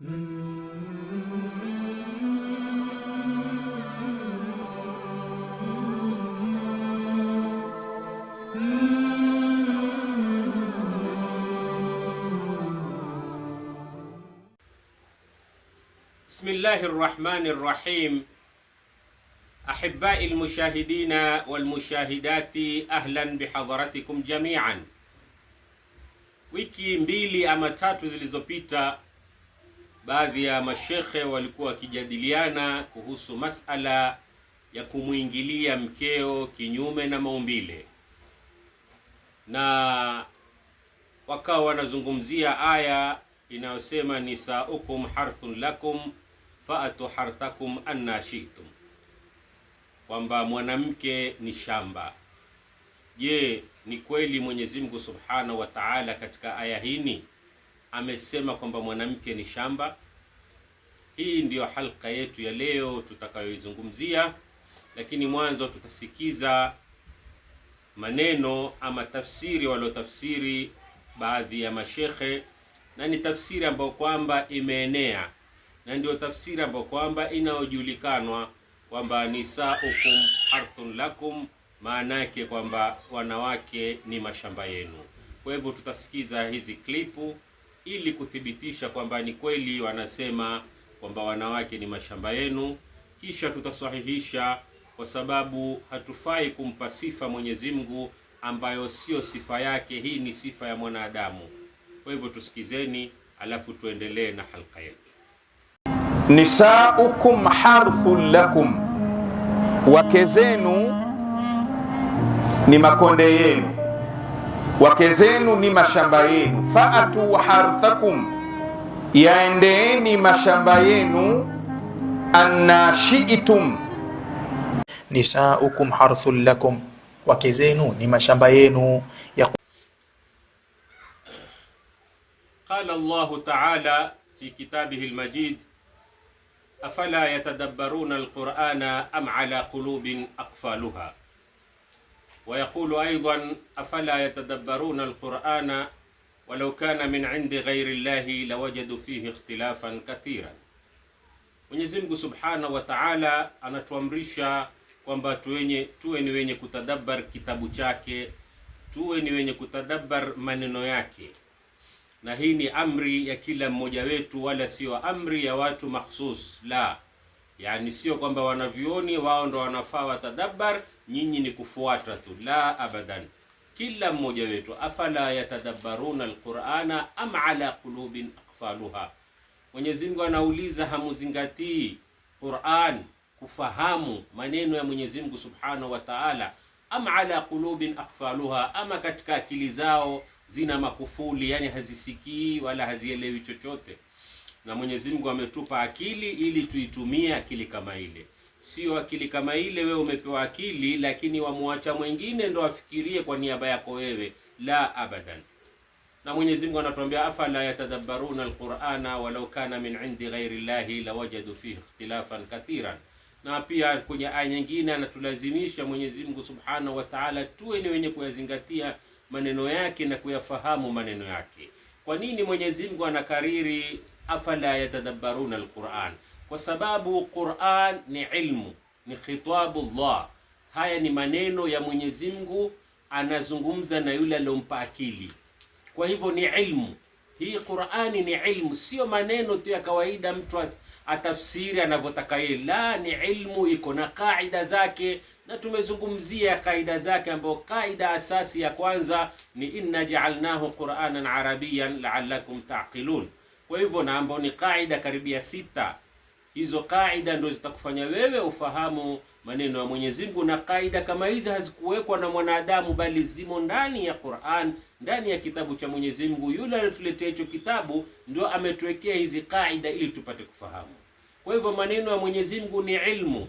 بسم الله الرحمن الرحيم أحبائي المشاهدين والمشاهدات أهلا بحضرتكم جميعا. Wiki mbili ama tatu zilizopita baadhi ya mashekhe walikuwa wakijadiliana kuhusu masala ya kumwingilia mkeo kinyume na maumbile, na wakawa wanazungumzia aya inayosema nisaukum harthun lakum faatu harthakum anna shi'tum, kwamba mwanamke ni shamba. Je, ni kweli Mwenyezi Mungu Subhanahu wa Ta'ala katika aya hii amesema kwamba mwanamke ni shamba. Hii ndiyo halka yetu ya leo tutakayoizungumzia, lakini mwanzo tutasikiza maneno ama tafsiri waliotafsiri baadhi ya mashekhe, na ni tafsiri ambayo kwamba imeenea na ndio tafsiri ambayo kwamba inayojulikanwa kwamba nisaukum harthun lakum, maana yake kwamba wanawake ni mashamba yenu. Kwa hivyo tutasikiza hizi klipu ili kuthibitisha kwamba ni kweli wanasema kwamba wanawake ni mashamba yenu, kisha tutasahihisha, kwa sababu hatufai kumpa sifa Mwenyezi Mungu ambayo sio sifa yake. Hii ni sifa ya mwanadamu. Kwa hivyo tusikizeni, alafu tuendelee na halqa yetu. Nisaukum harthun lakum, wake zenu ni makonde yenu wake zenu ni mashamba yenu, faatu harthakum, yaendeeni mashamba yenu anna shiitum. Nisaukum harthul lakum, wake zenu ni mashamba yenu Qala Allahu ta'ala fi kitabihi al-majid afala yatadabbaruna al-Qur'ana am ala qulubin aqfaluha ويقول أيضا أفلا يتدبرون القرآن walau kana min indi ghairi llahi lawajadu fihi ikhtilafan kathiran. Mwenyezi Mungu subhanahu wa taala anatuamrisha kwamba tuwenye tuwe ni wenye kutadabar kitabu chake, tuwe ni wenye kutadabar maneno yake, na hii ni amri ya kila mmoja wetu, wala sio amri ya watu makhsus la, yani sio kwamba wanavyoni wao ndo wanafaa watadabar nyinyi ni kufuata tu. La abadan, kila mmoja wetu. Afala yatadabbaruna alqur'ana am ala qulubin aqfaluha. Mwenyezi Mungu anauliza, hamuzingatii Qur'an kufahamu maneno ya Mwenyezi Mungu Subhanahu wa Ta'ala, am ala qulubin aqfaluha, ama katika akili zao zina makufuli, yani hazisikii wala hazielewi chochote. Na Mwenyezi Mungu ametupa akili ili tuitumie akili kama ile. Sio akili kama ile wewe umepewa akili, lakini wamwacha mwingine ndo afikirie kwa niaba yako wewe. La abadan. Na Mwenyezi Mungu anatuambia afala yatadabbaruna alqur'ana walau kana min indi ghairi llahi lawajadu fihi ikhtilafan kathiran. Na pia kwenye aya nyingine anatulazimisha Mwenyezi Mungu Subhanahu wa Ta'ala tuwe ni wenye kuyazingatia maneno yake na kuyafahamu maneno yake. Kwa nini Mwenyezi Mungu anakariri afala yatadabbaruna alqurana? kwa sababu Qur'an ni ilmu, ni Allah. Haya ni maneno ya Mwenyezi Mungu, anazungumza na yule aliyompa akili. Kwa hivyo ni ilmu hii, Qur'ani ni ilmu, sio maneno tu ya kawaida mtu atafsiri anavyotaka yeye. La, ni ilmu, iko na kaida zake, na tumezungumzia kaida zake, ambayo kaida asasi ya kwanza ni inna ja'alnahu Qur'anan arabiyan la'allakum ta'qilun. Kwa hivyo na ni kaida karibia sita Hizo kaida ndio zitakufanya wewe ufahamu maneno ya Mwenyezi Mungu, na kaida kama hizi hazikuwekwa na mwanadamu, bali zimo ndani ya Qur'an, ndani ya kitabu cha Mwenyezi Mungu. Yule aliyetuletea hicho kitabu ndio ametuwekea hizi kaida ili tupate kufahamu. Kwa hivyo maneno ya Mwenyezi Mungu ni ilmu,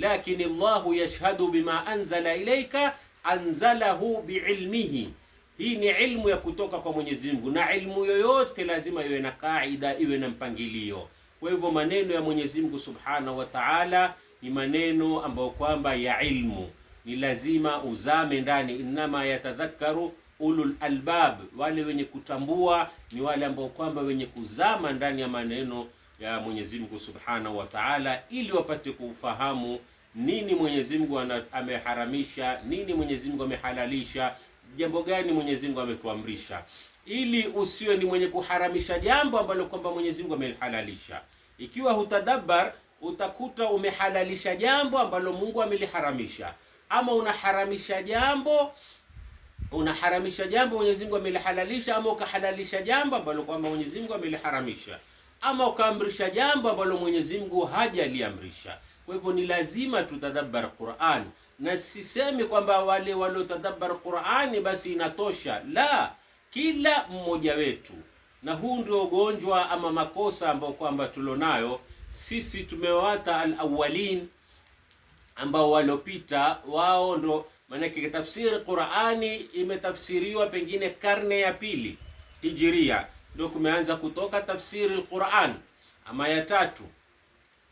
lakini Allahu yashhadu bima anzala ilaika anzalahu biilmihi. Hii ni ilmu ya kutoka kwa Mwenyezi Mungu, na ilmu yoyote lazima iwe na kaida, iwe na mpangilio kwa hivyo maneno ya Mwenyezi Mungu Subhanahu wa Ta'ala ni maneno ambayo kwamba ya ilmu ni lazima uzame ndani. Innama yatadhakkaru ulul albab, wale wenye kutambua ni wale ambao kwamba wenye kuzama ndani ya maneno ya Mwenyezi Mungu Subhanahu wa Ta'ala, ili wapate kufahamu nini Mwenyezi Mungu ameharamisha, nini Mwenyezi Mungu amehalalisha, jambo gani Mwenyezi Mungu ametuamrisha, ili usiwe ni mwenye kuharamisha jambo ambalo kwamba Mwenyezi Mungu amehalalisha. Ikiwa hutadabbar, utakuta umehalalisha jambo ambalo Mungu ameliharamisha, ama unaharamisha jambo unaharamisha jambo Mwenyezi Mungu amelihalalisha, ama ukahalalisha jambo ambalo kwamba Mwenyezi Mungu ameliharamisha, ama ukaamrisha jambo ambalo Mwenyezi Mungu hajaliamrisha. Kwa hivyo ni lazima tutadabbar Qur'an, na sisemi kwamba wale waliotadabbar Qur'ani basi inatosha, la, kila mmoja wetu na huu ndio ugonjwa ama makosa ambao kwamba tulonayo sisi. Tumewata alawalin ambao walopita, wao ndo maanake tafsiri Qurani imetafsiriwa pengine karne ya pili hijiria, ndio kumeanza kutoka tafsiri Quran ama ya tatu.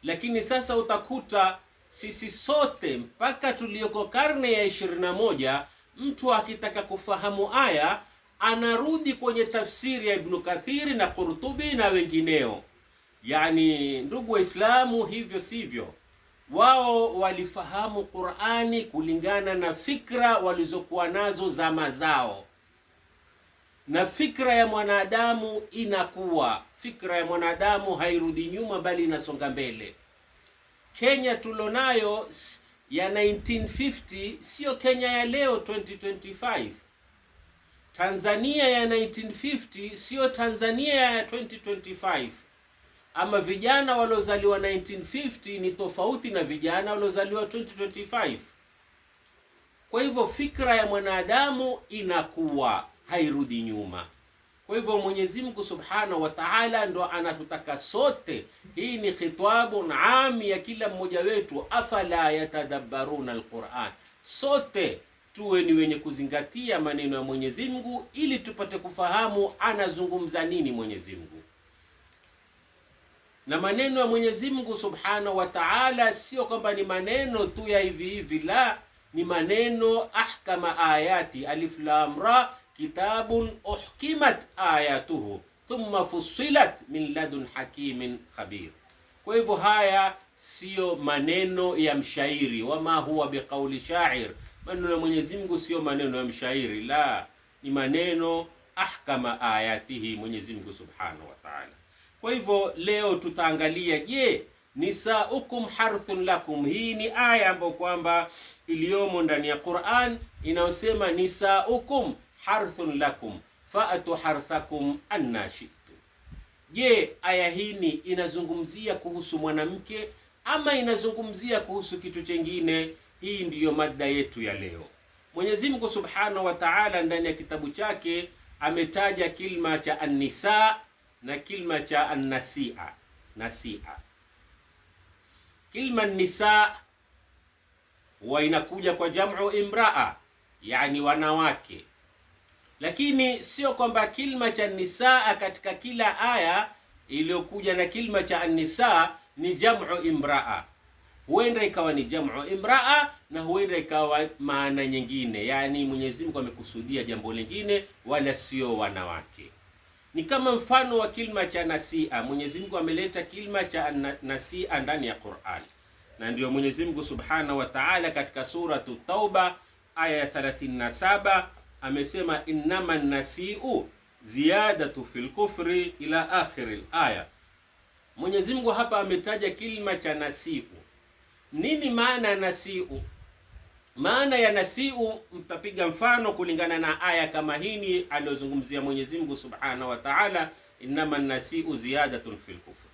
Lakini sasa utakuta sisi sote mpaka tulioko karne ya 21 mtu akitaka kufahamu aya anarudi kwenye tafsiri ya Ibnu Kathiri na Qurtubi na wengineo. Yani ndugu Waislamu, hivyo sivyo. Wao walifahamu Qur'ani kulingana na fikra walizokuwa nazo zama zao, na fikra ya mwanadamu inakuwa, fikra ya mwanadamu hairudi nyuma, bali inasonga mbele. Kenya tulonayo ya 1950 siyo Kenya ya leo 2025. Tanzania ya 1950 siyo Tanzania ya 2025 ama vijana waliozaliwa 1950 ni tofauti na vijana waliozaliwa 2025. Kwa hivyo fikra ya mwanadamu inakuwa hairudi nyuma. Kwa hivyo Mwenyezi Mungu Subhanahu wa Ta'ala ndo anatutaka sote. Hii ni khitabun ami ya kila mmoja wetu, afala yatadabbaruna alquran sote tuwe ni wenye kuzingatia maneno ya Mwenyezi Mungu ili tupate kufahamu anazungumza nini Mwenyezi Mungu. Na maneno ya Mwenyezi Mungu Subhanahu wa Ta'ala sio kwamba ni maneno tu ya hivi hivi, la, ni maneno ahkama ayati alif lam ra kitabun uhkimat ayatuhu thumma fusilat min ladun hakimin khabir. Kwa hivyo haya siyo maneno ya mshairi, wama huwa biqauli shair Maneno ya Mwenyezi Mungu sio maneno ya mshairi, la, ni maneno ahkama ayatihi Mwenyezi Mungu Subhanahu wa Ta'ala. Kwa hivyo leo tutaangalia, je, nisaukum harthun lakum. Hii ni aya ambayo kwamba iliyomo ndani ya Qur'an inayosema nisaukum harthun lakum fa'atu harthakum anna Je, aya hii inazungumzia kuhusu mwanamke ama inazungumzia kuhusu kitu chengine? Hii ndiyo mada yetu ya leo. Mwenyezi Mungu Subhanahu wa Ta'ala ndani ya kitabu chake ametaja kilma cha an-nisa na kilma cha an-nasia. Nasia, kilma nisa huwa inakuja kwa jamu imraa, yani wanawake, lakini sio kwamba kilma cha nisaa katika kila aya iliyokuja na kilma cha an-nisa ni jamu imraa huenda ikawa ni jamu imraa na huenda ikawa maana nyingine, yaani Mwenyezi Mungu amekusudia jambo lingine, wala sio wanawake. Ni kama mfano wa kilma cha nasia. Mwenyezi Mungu ameleta kilma cha nasia ndani ya Qur'an, na ndiyo Mwenyezi Mungu Subhanahu wa Ta'ala katika suratu Tauba aya ya 37 amesema, innama nasiu ziyadatu fil kufri ila akhiril aya. Mwenyezi Mungu hapa ametaja kilma cha nasiu nini maana ya nasiu? Maana ya nasiu mtapiga mfano kulingana na aya kama hini aliyozungumzia Mwenyezi Mungu Subhanahu wa Ta'ala, innama nasiu ziyadatun fil kufr.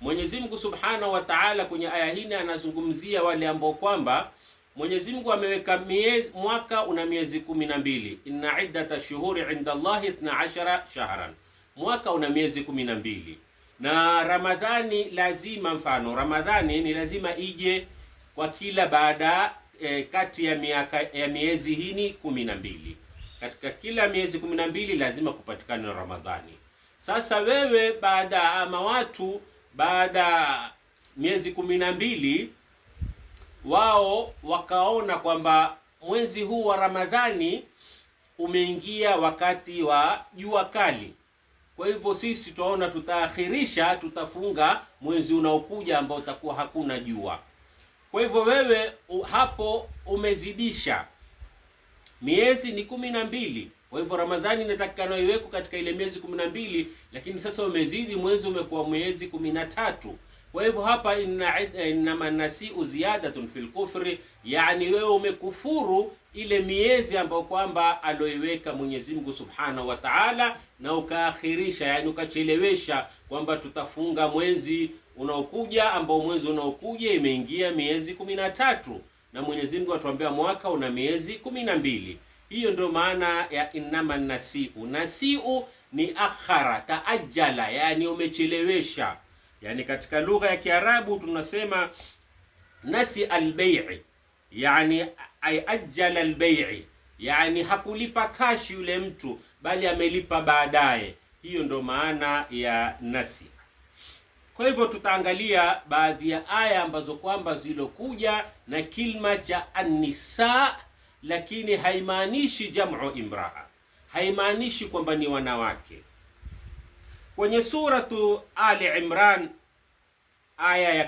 Mwenyezi Mungu Subhanahu wa Ta'ala kwenye aya hini anazungumzia wale ambao kwamba Mwenyezi Mungu ameweka miezi, mwaka una miezi kumi na mbili. Inna iddata shuhuri inda Allahi 12 shahran, mwaka una miezi kumi na mbili na Ramadhani lazima, mfano Ramadhani ni lazima ije kwa kila baada e, kati ya miaka ya miezi hini kumi na mbili katika kila miezi kumi na mbili lazima kupatikana na Ramadhani. Sasa wewe baada ama watu baada miezi kumi na mbili wao wakaona kwamba mwezi huu wa Ramadhani umeingia wakati wa jua kali kwa hivyo sisi tunaona tutaakhirisha, tutafunga mwezi unaokuja ambao utakuwa hakuna jua. Kwa hivyo wewe hapo umezidisha, miezi ni kumi na mbili. Kwa hivyo Ramadhani inatakikana iweko katika ile miezi kumi na mbili, lakini sasa umezidi, mwezi umekuwa mwezi kumi na tatu. Kwa hivyo hapa, inna nasiu ziyadatun fil kufri, yani wewe umekufuru ile miezi ambayo kwamba aloiweka Mwenyezi Mungu Subhanahu wa Ta'ala, na ukaakhirisha, yani ukachelewesha kwamba tutafunga mwezi unaokuja, ambao mwezi unaokuja imeingia miezi kumi na tatu na Mwenyezi Mungu atuambia mwaka una miezi kumi na mbili. Hiyo ndio maana ya innama nasiu. Nasiu ni akhara taajala, yani umechelewesha. Yani katika lugha ya Kiarabu tunasema nasi albay'i, yani ay ajjala albay'i, yani hakulipa kashi yule mtu, bali amelipa baadaye. Hiyo ndo maana ya nasi. Kwa hivyo tutaangalia baadhi ya aya ambazo kwamba zilokuja na kilma cha annisa, lakini haimaanishi jamu imraa, haimaanishi kwamba ni wanawake. Kwenye suratu Ali Imran aya ya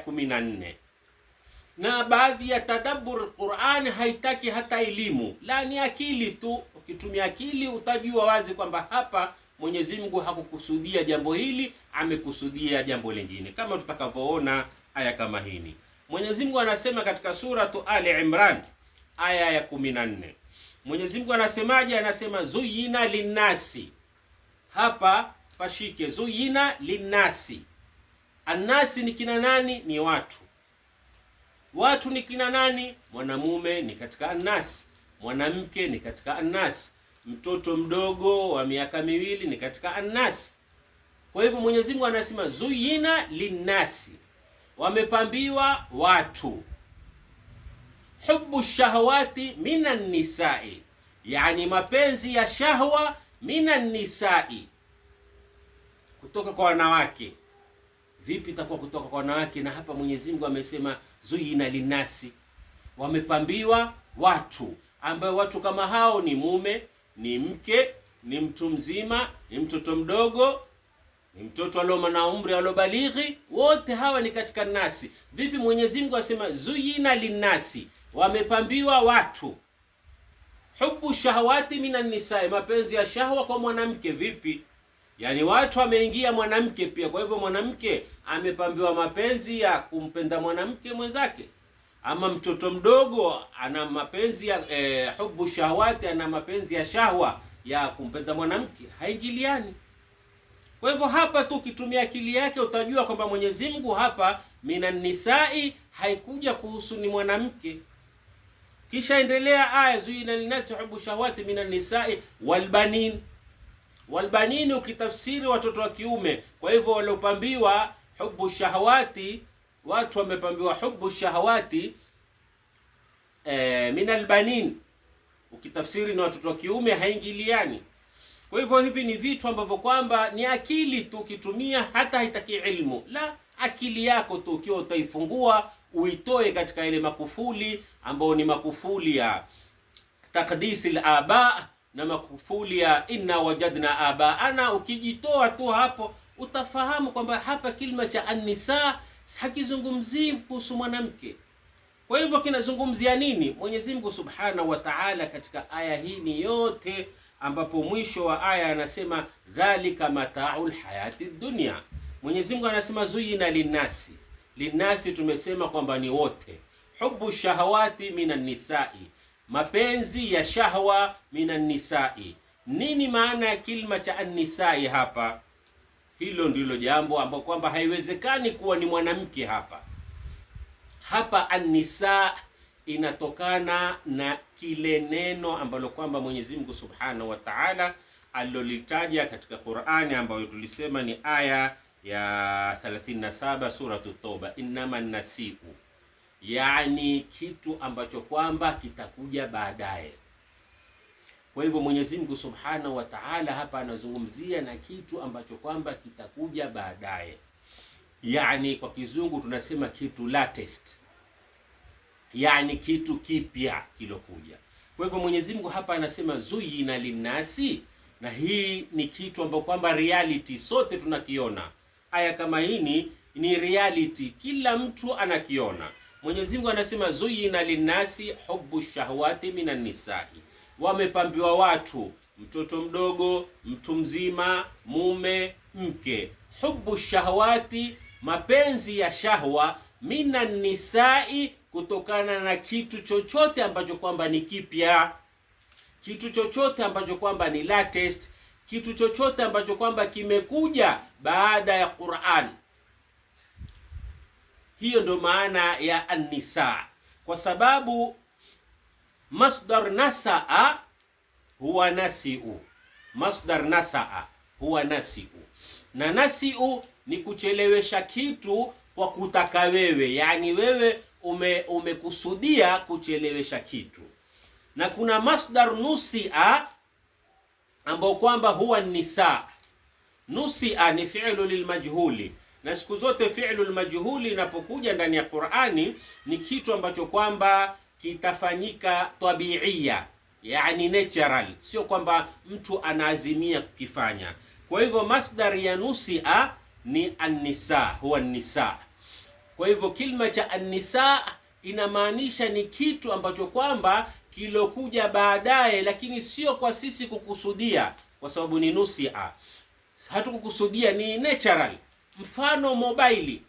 na baadhi ya tadabbur Qur'an haitaki hata elimu, la ni akili tu. Ukitumia akili utajua wazi kwamba hapa Mwenyezi Mungu hakukusudia jambo hili, amekusudia jambo lingine, kama tutakavyoona aya kama hini. Mwenyezi Mungu anasema katika suratu Ali Imran aya ya 14, Mwenyezi Mungu anasemaje? Anasema zuyina linnasi, hapa pashike zuyina linnasi. Annasi ni kina nani? Ni watu Watu ni kina nani? Mwanamume ni katika annasi, mwanamke ni katika annasi, mtoto mdogo wa miaka miwili ni katika annasi. Kwa hivyo Mwenyezi Mungu anasema zuyina linnasi, wamepambiwa watu hubu shahawati minan nisai, yani mapenzi ya shahwa minan nisai, kutoka kwa wanawake. Vipi itakuwa kutoka kwa wanawake? Na hapa Mwenyezi Mungu amesema zuina linasi, wamepambiwa watu ambayo watu kama hao ni mume, ni mke, ni mtu mzima, ni mtoto mdogo, ni mtoto aloma na umri alobalighi, wote hawa ni katika nasi. Vipi Mwenyezi Mungu asema zuina linasi, wamepambiwa watu hubu shahawati minan nisae, mapenzi ya shahwa kwa mwanamke. Vipi? Yaani watu ameingia mwanamke pia. Kwa hivyo mwanamke amepambiwa mapenzi ya kumpenda mwanamke mwenzake, ama mtoto mdogo ana mapenzi ya e, eh, hubu shahwati, ana mapenzi ya shahwa ya kumpenda mwanamke, haingiliani. Kwa hivyo hapa tu ukitumia akili yake utajua kwamba Mwenyezi Mungu hapa minan nisai haikuja kuhusu ni mwanamke. Kisha endelea aya, zuina linasi hubu shahwati minan nisai walbanin Walbanini ukitafsiri watoto wa kiume. Kwa hivyo waliopambiwa hubu shahawati, watu wamepambiwa hubu shahawati e, min albanin ukitafsiri na watoto wa kiume haingiliani. Kwa hivyo hivi ni vitu ambavyo kwamba ni akili tu, ukitumia hata haitaki ilmu la akili yako tu, ukiwa utaifungua uitoe katika ile makufuli ambayo ni makufuli ya takdisi al-aba na makufuli ya inna wajadna abaana. Ukijitoa tu hapo utafahamu kwamba hapa kilima cha annisa hakizungumzii kuhusu mwanamke. Kwa hivyo kinazungumzia nini? Mwenyezi Mungu Subhanahu wa Ta'ala katika aya hii ni yote, ambapo mwisho wa aya anasema dhalika mataul hayati dunya. Mwenyezi Mungu anasema zuyina linnasi, linnasi tumesema kwamba ni wote, hubu shahawati minan nisai mapenzi ya shahwa minan nisai. Nini maana ya kilma cha annisai hapa? Hilo ndilo jambo ambalo kwamba haiwezekani kuwa ni mwanamke hapa. Hapa annisa inatokana na kile neno ambalo kwamba Mwenyezi Mungu Subhanahu wa Ta'ala alilolitaja katika Qur'ani ambayo tulisema ni aya ya 37 suratu Toba, innama nasiu yaani kitu ambacho kwamba kitakuja baadaye. Kwa hivyo Mwenyezi Mungu Subhanahu wa Ta'ala hapa anazungumzia na kitu ambacho kwamba kitakuja baadaye, yaani kwa kizungu tunasema kitu latest, yaani kitu kipya kilokuja. Kwa hivyo Mwenyezi Mungu hapa anasema zuyina linnasi, na hii ni kitu ambacho kwamba reality, sote tunakiona. Aya kama hii ni reality, kila mtu anakiona Mwenyezi Mungu anasema zuyina linasi hubbu shahawati minan nisai, wamepambiwa watu, mtoto mdogo, mtu mzima, mume, mke, hubbu shahawati, mapenzi ya shahwa, minan nisai, kutokana na kitu chochote ambacho kwamba ni kipya, kitu chochote ambacho kwamba ni latest, kitu chochote ambacho kwamba kimekuja baada ya Qur'an hiyo ndo maana ya anisa kwa sababu masdar nasaa huwa nasiu, masdar nasaa huwa nasiu, na nasiu ni kuchelewesha kitu kwa kutaka wewe, yani wewe ume umekusudia kuchelewesha kitu. Na kuna masdar nusia ambao kwamba huwa nisa Nusia ni fi'lu lilmajhuli na siku zote fi'lul majhuli inapokuja ndani ya Qur'ani ni kitu ambacho kwamba kitafanyika tabiia, yani natural, sio kwamba mtu anaazimia kukifanya. Kwa hivyo masdar ya nusia ni annisa, huwa nisa. Kwa hivyo kilma cha annisa inamaanisha ni kitu ambacho kwamba kilokuja baadaye, lakini sio kwa sisi kukusudia, kwa sababu ni nusia, hatukukusudia, ni natural Mfano mobaili.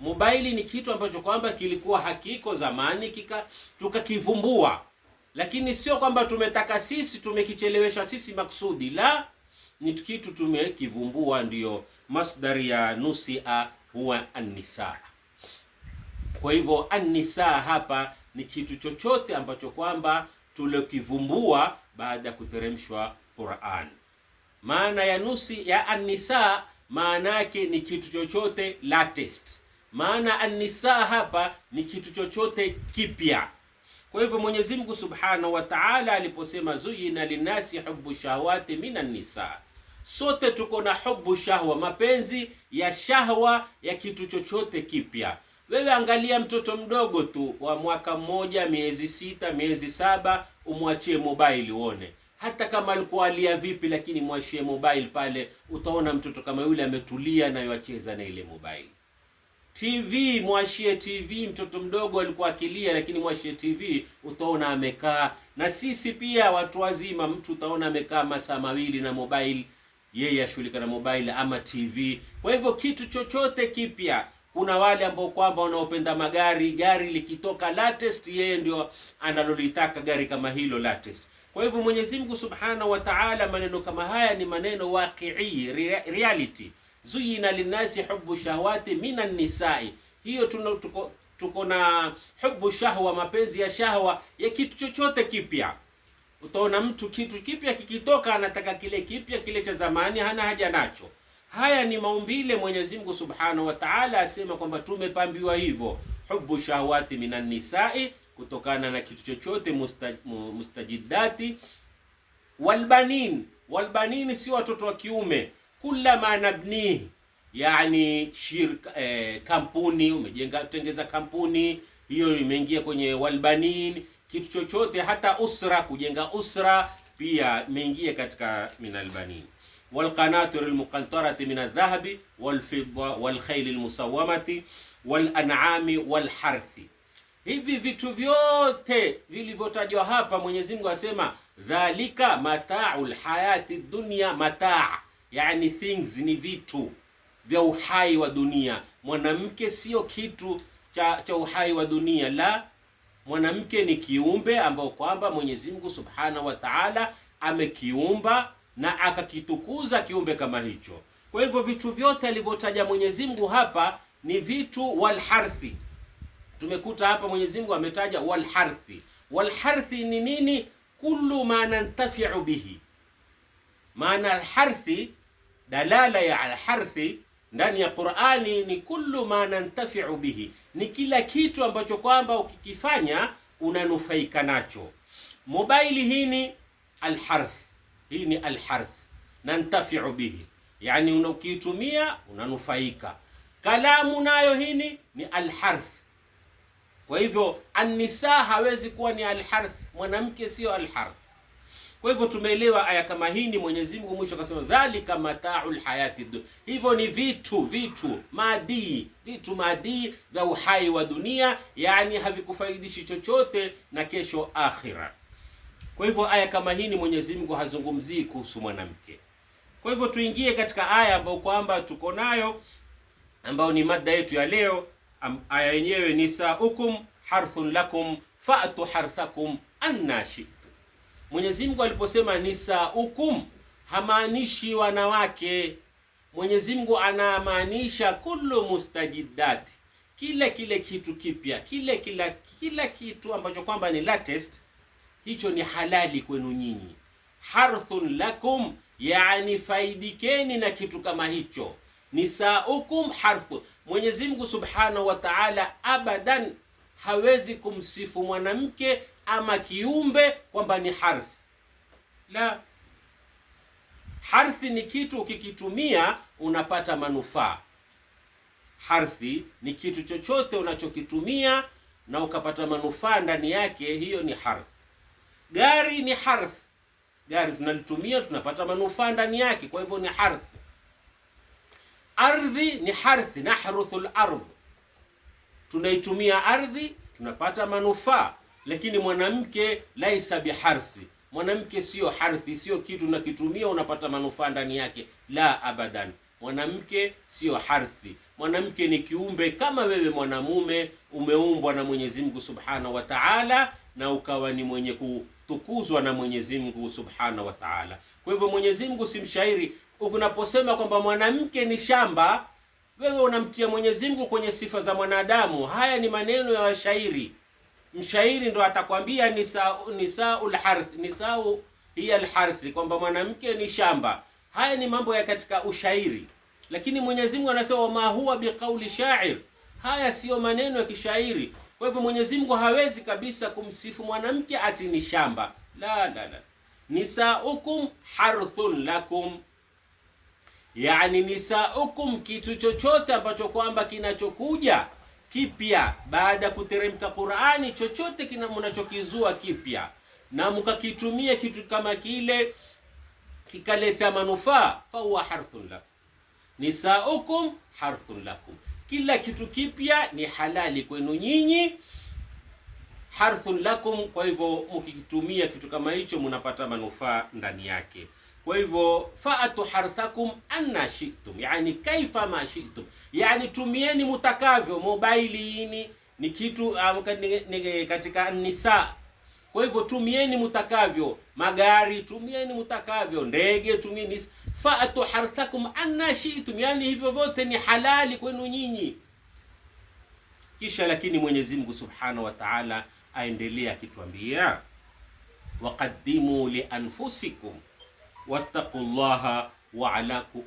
Mobaili ni kitu ambacho kwamba kilikuwa hakiko zamani, kika tukakivumbua, lakini sio kwamba tumetaka sisi, tumekichelewesha sisi maksudi, la ni kitu tumekivumbua. Ndiyo masdari ya nusia huwa annisaa. Kwa hivyo annisaa hapa ni kitu chochote ambacho kwamba tulikivumbua baada ya kuteremshwa Qur'an. Maana ya nusi ya annisaa maana yake ni kitu chochote latest. Maana anisa hapa ni kitu chochote kipya. Kwa hivyo Mwenyezi Mungu Subhanahu wa Ta'ala aliposema zuyina linasi hubu shahawati minan nisa, sote tuko na hubu shahwa, mapenzi ya shahwa ya kitu chochote kipya. Wewe angalia mtoto mdogo tu wa mwaka mmoja, miezi sita, miezi saba, umwachie mobile uone hata kama alikuwa alia vipi, lakini mwashie mobile pale, utaona mtoto kama yule ametulia, nayo acheza na ile mobile. TV mwashie TV, mtoto mdogo alikuwa akilia, lakini mwashie TV, utaona amekaa. Na sisi pia watu wazima, mtu utaona amekaa masaa mawili na mobile, yeye ashughulika na mobile ama TV. Kwa hivyo kitu chochote kipya kuna wale ambao kwamba wanaopenda magari, gari likitoka latest, yeye ndio analolitaka gari kama hilo latest. Kwa hivyo Mwenyezi Mungu Subhanahu wa Ta'ala, maneno kama haya ni maneno waqii, reality. Zuyina linasi hubu shahwati minan nisai, hiyo tuna, tuko, tuko na hubu shahwa, mapenzi ya shahwa ya kitu chochote kipya. Utaona mtu kitu kipya kikitoka anataka kile kipya, kile cha zamani hana haja nacho. Haya ni maumbile. Mwenyezi Mungu Subhanahu wa Ta'ala asema kwamba tumepambiwa hivyo, hubu shahwati minan nisai kutokana na kitu chochote mustajidati walbanin walbanini, si watoto wa kiume. Kullama nabnihi, yani shirka, eh, kampuni umejenga, tengeza kampuni hiyo imeingia kwenye walbanin, kitu chochote, hata usra, kujenga usra pia imeingia katika minalbanin walqanatir almuqantarati min aldhahabi walfidda walkhayl almusawamati walan'ami walharthi hivi vitu vyote vilivyotajwa hapa, Mwenyezi Mungu asema dhalika mataul hayati dunia, mataa yani things ni vitu vya uhai wa dunia. Mwanamke sio kitu cha, cha uhai wa dunia la mwanamke ni kiumbe ambao kwamba Mwenyezi Mungu Subhanahu wa Ta'ala amekiumba na akakitukuza kiumbe kama hicho. Kwa hivyo vitu vyote alivyotaja Mwenyezi Mungu hapa ni vitu walharthi tumekuta hapa Mwenyezi Mungu ametaja walharthi. Walharthi ni nini? Kullu ma nantafiu bihi. Maana alharthi, dalala ya alharthi ndani ya Qur'ani ni kullu ma nantafiu bihi, ni kila kitu ambacho kwamba ukikifanya unanufaika nacho. Mobaili hii ni alharth, hii ni alharth, nantafiu bihi, yani ukiitumia unanufaika. Kalamu nayo hini ni alharth kwa hivyo anisa hawezi kuwa ni alharth, mwanamke sio alharth. Kwa hivyo tumeelewa aya kama hii ni Mwenyezi Mungu mwisho akasema dhalika mataul hayati dunya. hivyo ni vitu vitu madii vitu madii vya uhai wa dunia, yani havikufaidishi chochote na kesho akhira. Kwa hivyo aya kama hii ni Mwenyezi Mungu hazungumzii kuhusu mwanamke. Kwa hivyo tuingie katika aya ambayo kwamba tuko nayo ambayo ni mada yetu ya leo aya yenyewe ni saukum harthun lakum fa'tu harthakum anna shi'tu. Mwenyezi Mungu aliposema nisaukum hamaanishi wanawake. Mwenyezi Mungu anamaanisha kullu mustajidati, kila kile kitu kipya, kile kila kila kitu ambacho kwamba ni latest, hicho ni halali kwenu nyinyi. Harthun lakum, yani faidikeni na kitu kama hicho nisaukum harfu. Mwenyezi Mungu Subhanahu wa Ta'ala abadan hawezi kumsifu mwanamke ama kiumbe kwamba ni harfu la harfi ni kitu ukikitumia unapata manufaa. Harfi ni kitu chochote unachokitumia na ukapata manufaa ndani yake, hiyo ni harfi. Gari ni harfi, gari tunalitumia tunapata manufaa ndani yake, kwa hivyo ni harfi. Ardhi ni harthi, nahruthu ardh, tunaitumia ardhi tunapata manufaa. Lakini mwanamke laisa biharthi, mwanamke sio harthi, sio kitu unakitumia unapata manufaa ndani yake, la abadan. Mwanamke siyo harthi, mwanamke ni kiumbe kama wewe mwanamume, umeumbwa na Mwenyezi Mungu Subhanahu wa Ta'ala, na ukawa ni mwenye kutukuzwa na Mwenyezi Mungu Subhanahu wa Ta'ala. Kwa hivyo Mwenyezi Mungu si mshairi. Unaposema kwamba mwanamke ni shamba, wewe unamtia Mwenyezi Mungu kwenye sifa za mwanadamu. Haya ni maneno ya washairi. Mshairi ndo atakwambia nisau nisaul harth, nisau hiya alharth, kwamba mwanamke ni shamba. Haya ni mambo ya katika ushairi, lakini Mwenyezi Mungu anasema ma huwa biqauli shair, haya siyo maneno ya kishairi. Kwa hivyo Mwenyezi Mungu hawezi kabisa kumsifu mwanamke ati ni shamba, la la la nisaukum harthun lakum, yani nisaukum, kitu chochote ambacho kwamba kinachokuja kipya baada ya kuteremka Qur'ani, chochote kina mnachokizua kipya na mkakitumia kitu kama kile kikaleta manufaa, huwa harthun lakum, nisaukum harthun lakum, kila kitu kipya ni halali kwenu nyinyi harthun lakum. Kwa hivyo mkikitumia kitu kama hicho mnapata manufaa ndani yake. Kwa hivyo faatu harthakum anna shi'tum, yani kaifa ma shi'tum, yani tumieni mtakavyo. Mobaili ni ni kitu um, katika nisa kwa hivyo tumieni mtakavyo, magari tumieni mtakavyo, ndege tumieni. Faatu harthakum anna shi'tum, yani hivyo vyote ni halali kwenu nyinyi. Kisha lakini Mwenyezi Mungu Subhanahu wa Ta'ala aendelea akituambia waqaddimu li anfusikum wattaqullaha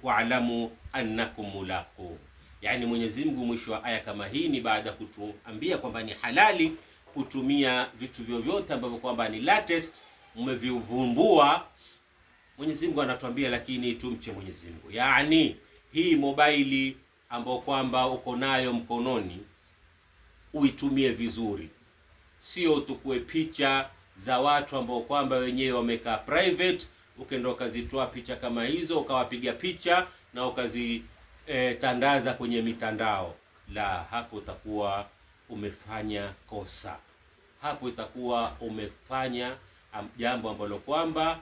waalamu annakum mulaqu. Yani Mwenyezi Mungu mwisho wa aya kama hii ni baada ya kutuambia kwamba ni halali kutumia vitu vyovyote ambavyo kwamba ni latest mmevivumbua. Mwenyezi Mungu anatuambia lakini tumche Mwenyezi Mungu, yani hii mobaili ambayo kwamba uko nayo mkononi uitumie vizuri sio tukue picha za watu ambao kwamba wenyewe wamekaa private, ukaenda ukazitoa picha kama hizo ukawapiga picha na ukazitandaza e, kwenye mitandao. La, hapo utakuwa umefanya kosa, hapo itakuwa umefanya jambo ambalo kwamba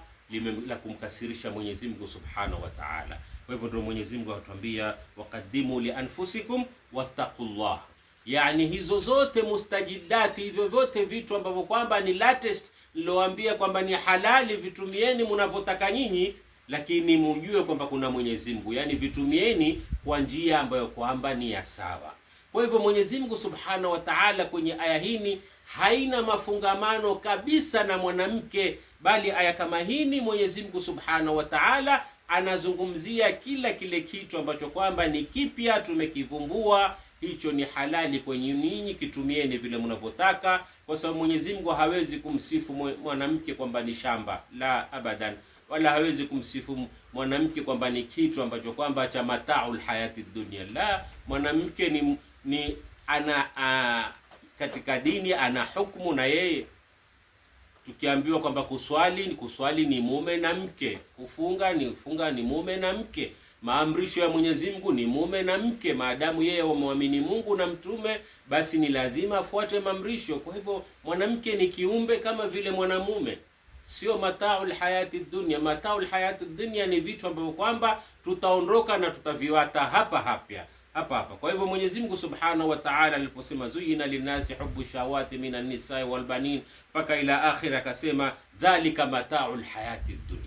la kumkasirisha Mwenyezi Mungu Subhanahu wa Ta'ala. Kwa hivyo ndio Mwenyezi Mungu anatuambia waqaddimu li anfusikum wattaqullah yani hizo zote mustajidati, hivyo vyote vitu ambavyo kwamba ni latest, nilowaambia kwamba ni halali, vitumieni mnavyotaka nyinyi, lakini mujue kwamba kuna Mwenyezi Mungu, yani vitumieni kwa njia ambayo kwamba ni ya sawa. Kwa hivyo Mwenyezi Mungu Subhanahu wa Ta'ala kwenye aya hini haina mafungamano kabisa na mwanamke, bali aya kama hini Mwenyezi Mungu Subhanahu wa Ta'ala anazungumzia kila kile kitu ambacho kwamba ni kipya tumekivumbua hicho ni halali kwenye ninyi, kitumieni vile mnavyotaka, kwa sababu Mwenyezi Mungu hawezi kumsifu mwanamke kwamba ni shamba la abadan, wala hawezi kumsifu mwanamke kwamba ni kitu ambacho kwamba cha mataul hayati dunia la mwanamke ni, ni ana a, katika dini ana hukumu na yeye tukiambiwa kwamba kuswali ni kuswali ni mume na mke, kufunga ni kufunga ni mume na mke. Maamrisho ya Mwenyezi Mungu ni mume na mke, maadamu yeye wamwamini Mungu na mtume, basi ni lazima afuate maamrisho. Kwa hivyo mwanamke ni kiumbe kama vile mwanamume, sio mataul hayati dunia. Mataul hayati dunia ni vitu ambavyo kwamba tutaondoka na tutaviwata hapa hapya hapa hapa. Kwa hivyo Mwenyezi Mungu Subhanahu wa Ta'ala aliposema zuyina linasi hubu shawati minan nisai wal banin mpaka ila akhira, akasema dhalika mataul hayati dunia,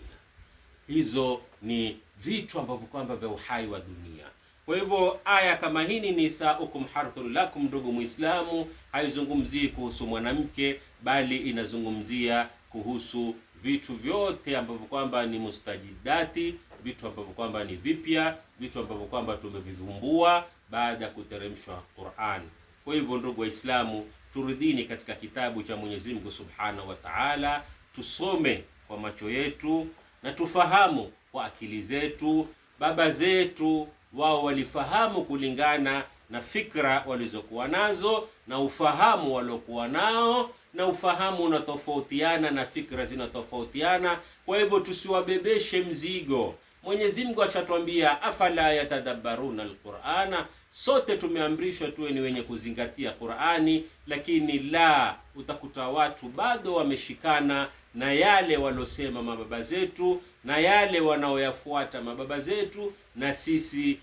hizo ni vitu ambavyo kwamba vya uhai wa dunia. Kwa hivyo aya kama hini ni saukum harthul lakum, ndugu Muislamu, haizungumzii kuhusu mwanamke, bali inazungumzia kuhusu vitu vyote ambavyo kwamba ni mustajidati, vitu ambavyo kwamba ni vipya, vitu ambavyo kwamba tumevivumbua baada ya kuteremshwa Qur'an. Kwa hivyo ndugu Waislamu, turudini katika kitabu cha Mwenyezi Mungu Subhanahu wa Ta'ala, tusome kwa macho yetu na tufahamu kwa akili zetu. Baba zetu wao walifahamu kulingana na fikra walizokuwa nazo na ufahamu waliokuwa nao, na ufahamu unatofautiana na fikra zinatofautiana. Kwa hivyo tusiwabebeshe mzigo. Mwenyezi Mungu ashatwambia afala yatadabbaruna alqur'ana. Sote tumeamrishwa tuwe ni wenye kuzingatia Qur'ani, lakini la, utakuta watu bado wameshikana na yale walosema mababa zetu na yale wanaoyafuata mababa zetu, na sisi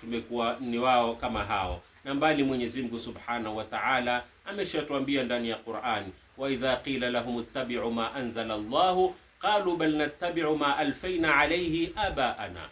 tumekuwa ni wao kama hao. Na mbali Mwenyezi Mungu Subhanahu wa Ta'ala ameshatuambia ndani ya Qur'ani, wa idha qila lahum ittabi'u ma anzala Allahu qalu bal nattabi'u ma alfaina alayhi abaana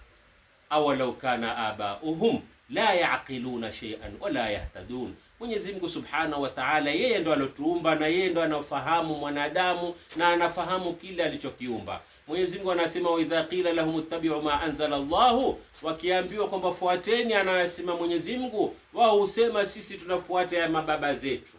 awalau kana abauhum la yaqiluna shay'an wala yahtadun Mwenyezi Mungu Subhanahu wa Ta'ala, yeye ndo alotuumba na yeye ndo anafahamu mwanadamu na anafahamu kile alichokiumba. Mwenyezi Mungu anasema wa idha qila lahum ittabi'u ma anzala Allahu, wakiambiwa kwamba fuateni anayosema Mwenyezi Mungu, wao husema sisi tunafuata ya mababa zetu.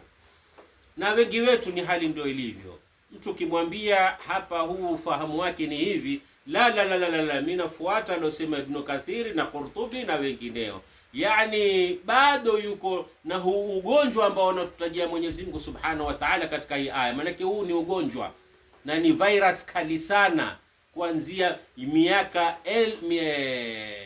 Na wengi wetu ni hali ndio ilivyo. Mtu ukimwambia hapa, huu ufahamu wake ni hivi, la la la la la, mimi nafuata alosema Ibn Kathiri na Qurtubi na wengineo yani bado yuko na huu ugonjwa ambao anatutajia Mwenyezi Mungu Subhanahu wa Ta'ala katika hii aya. Maanake huu ni ugonjwa na ni virus kali sana, kuanzia miaka el, mie,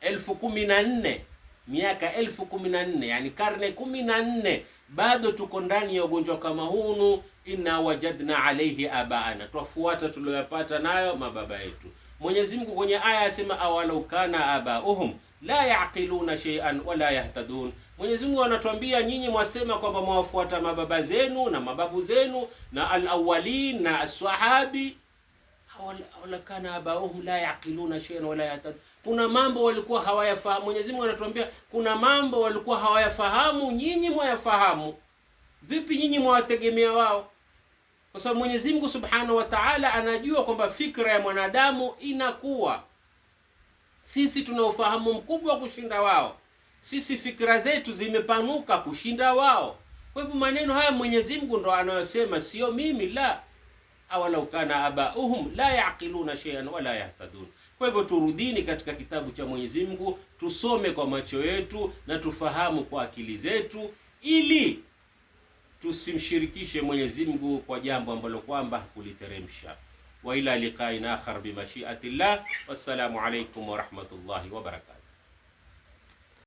elfu kumi na nne miaka elfu kumi na nne yani karne kumi na nne bado tuko ndani ya ugonjwa kama hunu. Inna wajadna alaihi abaana, twafuata tulioyapata nayo mababa yetu. Mwenyezi Mungu kwenye aya asema awalau kana abauhum la yaqiluna shay'an wala yahtadun. Mwenyezi Mungu anatuambia nyinyi mwasema kwamba mwawafuata mababa zenu na mababu zenu na alawalin na aswahabi kana abauhum la yaqiluna shay'an wala yahtadun. Kuna mambo walikuwa hawayafahamu. Mwenyezi Mungu anatuambia kuna mambo walikuwa hawayafahamu, nyinyi mwayafahamu. Vipi nyinyi mwawategemea wao? kwa sababu Mwenyezi Mungu Subhanahu wa Ta'ala anajua kwamba fikra ya mwanadamu inakuwa. Sisi tuna ufahamu mkubwa kushinda wao, sisi fikra zetu zimepanuka kushinda wao. Kwa hivyo maneno haya Mwenyezi Mungu ndo anayosema, sio mimi. La awalau kana abauhum la yaqiluna shay'an wala yahtadun. Kwa hivyo turudini katika kitabu cha Mwenyezi Mungu, tusome kwa macho yetu na tufahamu kwa akili zetu ili tusimshirikishe Mwenyezi Mungu kwa jambo ambalo kwamba kuliteremsha. Wa ila liqain akhar bi mashiatillah. Wassalamu alaykum wa rahmatullahi wa barakatuh.